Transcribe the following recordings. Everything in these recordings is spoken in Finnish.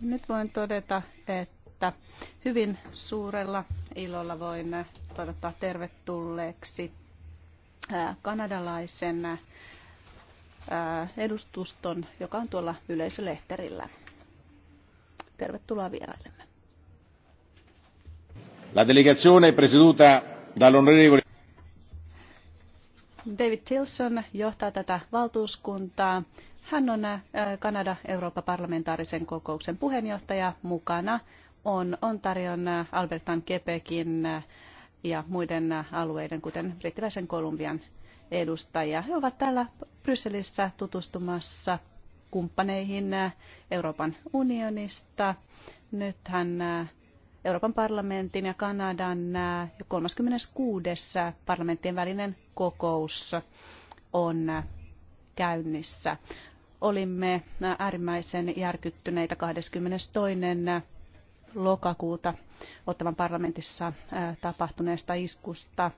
Nyt voin todeta, että hyvin suurella ilolla voin toivottaa tervetulleeksi kanadalaisen edustuston, joka on tuolla yleisölehterillä. Tervetuloa vieraillemme. La delegazione presieduta dall'onorevole David Tilson johtaa tätä valtuuskuntaa. Hän on Kanada-Euroopan parlamentaarisen kokouksen puheenjohtaja mukana. On Ontarion, Albertan, Kepekin ja muiden alueiden, kuten brittiläisen Kolumbian edustajia. He ovat täällä Brysselissä tutustumassa kumppaneihin Euroopan unionista. hän Euroopan parlamentin ja Kanadan 36. parlamenttien välinen kokous on käynnissä olimme äärimmäisen järkyttyneitä 22. lokakuuta Ottavan parlamentissa tapahtuneesta iskusta.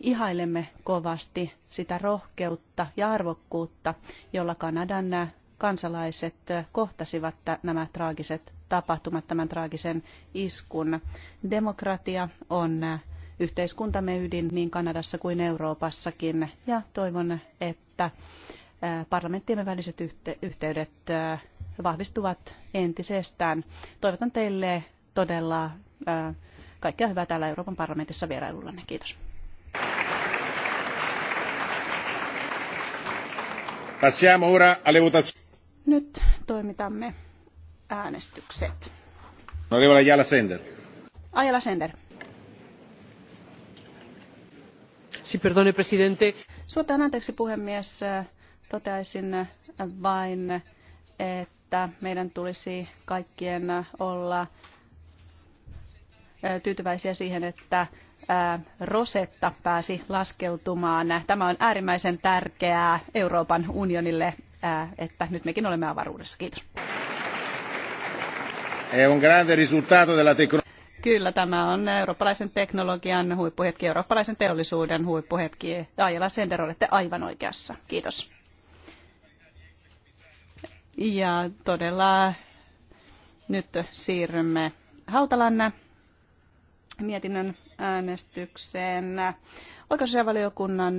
Ihailemme kovasti sitä rohkeutta ja arvokkuutta, jolla Kanadan kansalaiset kohtasivat nämä traagiset tapahtumat, tämän traagisen iskun. Demokratia on yhteiskuntamme ydin niin Kanadassa kuin Euroopassakin ja toivon, että parlamenttiemme väliset yhteydet vahvistuvat entisestään. Toivotan teille todella kaikkea hyvää täällä Euroopan parlamentissa vierailullanne. Kiitos. Passiamo ora alle votazioni. Nyt toimitamme äänestykset. Onorevole Ajala Sender. Ajala Sender. Si, perdone, presidente. Suotaan anteeksi puhemies. Toteaisin vain, että meidän tulisi kaikkien olla tyytyväisiä siihen, että Rosetta pääsi laskeutumaan. Tämä on äärimmäisen tärkeää Euroopan unionille, että nyt mekin olemme avaruudessa. Kiitos. Kyllä, tämä on eurooppalaisen teknologian huippuhetki, eurooppalaisen teollisuuden huippuhetki. Ajala Sender, olette aivan oikeassa. Kiitos. Ja todella nyt siirrymme Hautalanne mietinnön äänestykseen. Oikeusasiavaliokunnan